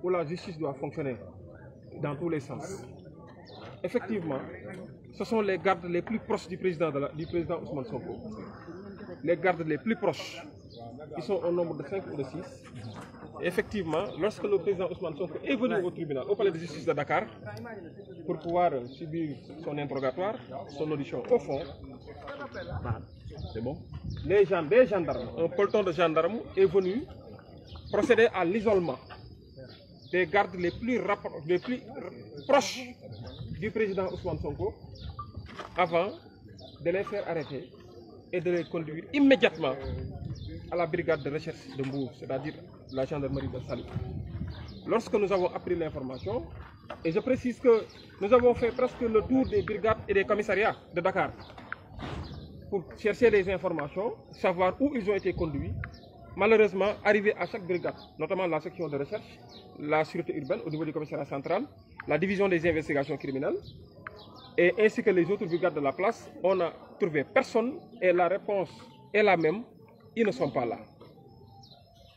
droit, la justice doit fonctionner dans tous les sens. Effectivement, ce sont les gardes les plus proches du président, de la, du président Sonko. Les gardes les plus proches, ils sont au nombre de 5 ou de 6. effectivement, lorsque le président Ousmane Sonko est venu au tribunal, au palais de justice de Dakar, pour pouvoir subir son interrogatoire, son audition au fond, des gendarmes, est venu procéder à l'isolement des gardes les plus rappro les plus proches du président Ousmane Sonko avant de les faire arrêter et de les conduire immédiatement à la brigade de recherche de Mbour, c'est-à-dire la gendarmerie de Saly. Lorsque nous avons appris l'information, et je précise que nous avons fait presque le tour des brigades et des commissariats de Dakar pour chercher des informations, savoir où ils ont été conduits, Malheureusement, arrivé à chaque brigade, notamment la section de recherche, la sûreté urbaine au niveau du commissariat central, la division des investigations criminelles, et ainsi que les autres brigades de la place, on n'a trouvé personne et la réponse est la même, ils ne sont pas là.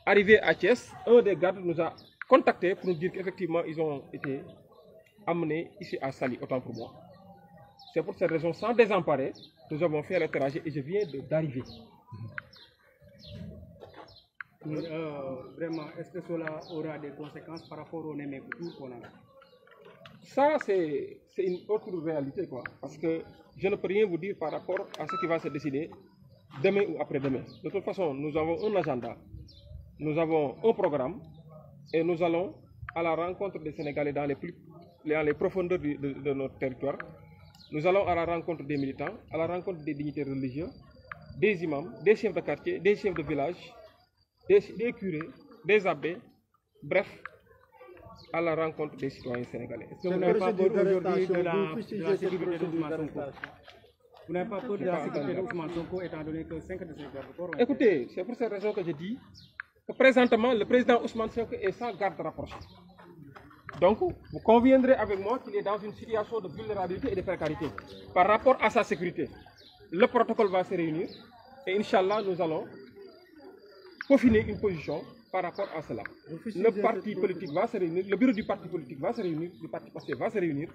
Arrivé à Thiès, un des gardes nous a contactés pour nous dire qu'effectivement ils ont été amenés ici à Sali, autant pour moi. C'est pour cette raison, sans désemparer, nous le trajet et je Euh, vraiment, est-ce que cela aura des conséquences par rapport au Némé qu'on a Ça, c'est une autre réalité, Parce que je ne peux rien vous dire par rapport à ce qui va se décider demain ou après-demain. De toute façon, nous avons un agenda, nous avons un programme et nous allons à la rencontre des Sénégalais dans les, plus, dans les profondeurs de, de, de notre territoire. Nous allons à la rencontre des militants, à la rencontre des dignitaires religieux, des imams, des chefs de quartier, des chefs de village, des, des curés, des abbés, bref, à la rencontre des citoyens sénégalais. que vous n'avez pas peur aujourd'hui de la, de la sécurité d'Ousmane Sonko Vous n'avez pas peur de la sécurité d'Ousmane Sonko étant donné que Écoutez, c'est pour cette raison que je dis que présentement, le président Ousmane Sonko est sans garde rapprochée. Donc, vous conviendrez avec moi qu'il est dans une situation de vulnérabilité et de précarité par rapport à sa sécurité. Le protocole va se réunir et Inch'Allah, nous allons peaufiner une position par rapport à cela. Le parti politique va se réunir, le bureau du parti politique va se réunir, le parti passé va se réunir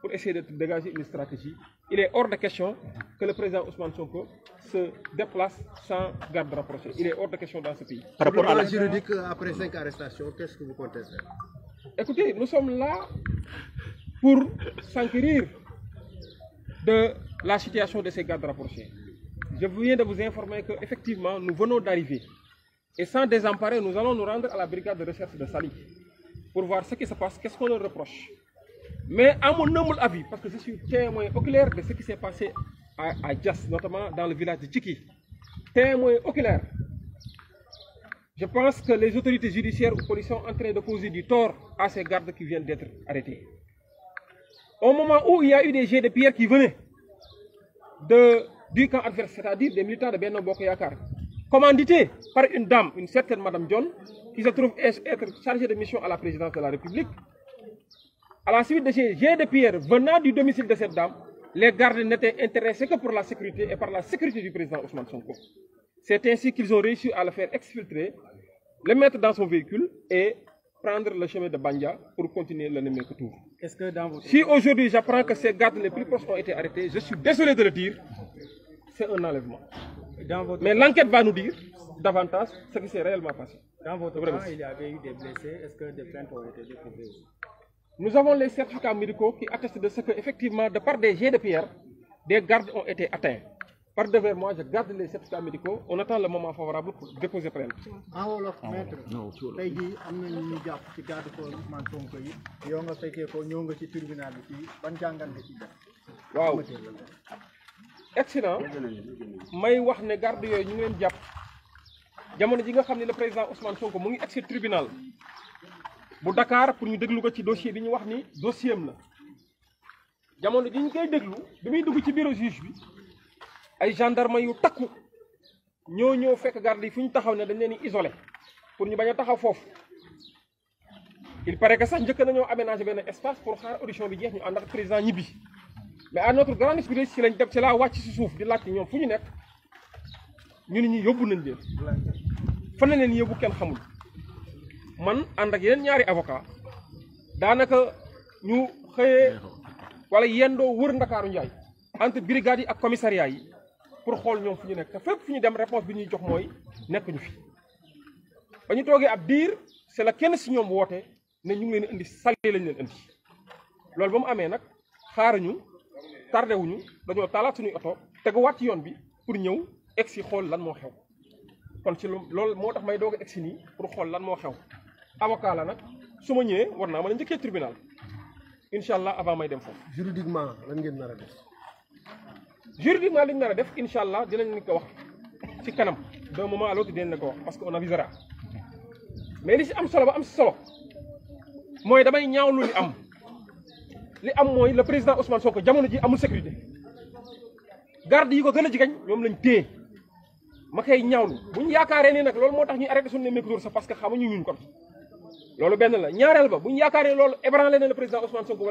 pour essayer de dégager une stratégie. Il est hors de question que le président Ousmane Sonko se déplace sans garde rapprochée. Il est hors de question dans ce pays. Par rapport à la juridique, euh, après cinq arrestations, qu'est-ce que vous comptez Écoutez, nous sommes là pour s'enquérir de la situation de Et sans désemparer, nous allons nous rendre à la brigade de recherche de Sali pour voir ce qui se passe, qu'est-ce qu'on leur reproche. Mais à mon avis, parce que je suis témoin oculaire de ce qui s'est passé à, à notamment dans le village de Tchiki, témoin oculaire, je pense que les autorités judiciaires ou policiers sont en de causer du tort à ces gardes qui viennent d'être arrêtés. Au moment où il y a eu des jets de pierre qui venaient commandité par une dame, une certaine Madame John, qui se trouve être chargée de mission à la présidence de la République. À la suite de ces jets de pierre venant du domicile de cette dame, les gardes n'étaient intéressés que pour la sécurité et par la sécurité du président Ousmane Sonko. C'est ainsi qu'ils ont réussi à le faire exfiltrer, le mettre dans son véhicule et prendre le chemin de Bandia pour continuer le que tour. Que dans Si aujourd'hui j'apprends Mais l'enquête va nous dire davantage ce qui s'est réellement passé. eu des blessés. Est-ce Nous avons les certificats médicaux qui attestent de ce que, effectivement, de par des jets de des gardes ont été atteints. Par devers moi, je garde les certificats médicaux. On attend le moment favorable pour déposer plainte. en wolof maître ah, tey jii ci garde corps Ousmane Sonko yi egsi na may wax ne garde yooyu ñu ngi leen jàpp jamono ji nga xam ne le président Ousmane ko mu ngi egsi tribunal bu Dakar pour ñu déglu ko ci dossier bi ñu wax ni dossier la jamono ji ñu koy déglu bi muy dugg ci bureau juge bi ay gendarme yu takku ñoo ñëw fekk garde yi fu ñu taxaw ne dañ leen di isolé pour ñu bañ a taxaw foofu il paraît que sax njëkk nañoo aménagé benn espace pour xaar audition bi jeex ñu ànd ak président ñibbi. mais à notre grande si lañ dem ci laa wàcc si suuf di laajte ñoom fu ñu nekk ñu ne ñu yóbbu nañ leen fan la leen yóbbu kenn xamul man ànd ak yeneen ñaari avocat daanaka ñu xëyee wala yendoo wër ndakaaru njaay entre brigade yi ak commissariat yi pour xool ñoom fu ñu nekk te fépp fu ñu dem réponse bi ñuy jox mooy nekkuñu fi ba ñu toogee ab diir c'est la kenn si ñoom woote ne ñu ngi leen indi sali lañ leen indi loolu ba mu amee nag xaaruñu tardé wuñu dañoo taalaat suñuy oto teguwaat ci yoon bi pour ñëw egg si xool lan moo xew kon ci lool moo tax may doog a egg si nii pour xool lan moo xew avocat la nag su ma ñëwee war naa mën a njëkkee tribunal incha allah avant may dem foofu. juridiquement lañ ngeen nar a def. juridiquement liñ nar a def incha allah dinañ leen ko wax ci kanam d'un moment à l'autre dinañ leen ko wax parce que on avisera mais li si am solo ba am si solo mooy damay ñaawlu li am. li am mooy le président Ousmane Sonko jamono ji amul sécurité garde yi ko gën a jigéen ñoom lañ téye ma koy ñaawlu bu ñu yaakaaree ni nag loolu moo tax ñuy arrêté suñu ne sax parce xamuñu ñun kon loolu benn la ñaareel ba bu yaakaaree loolu ébranlé na le président Ousmane Sonko.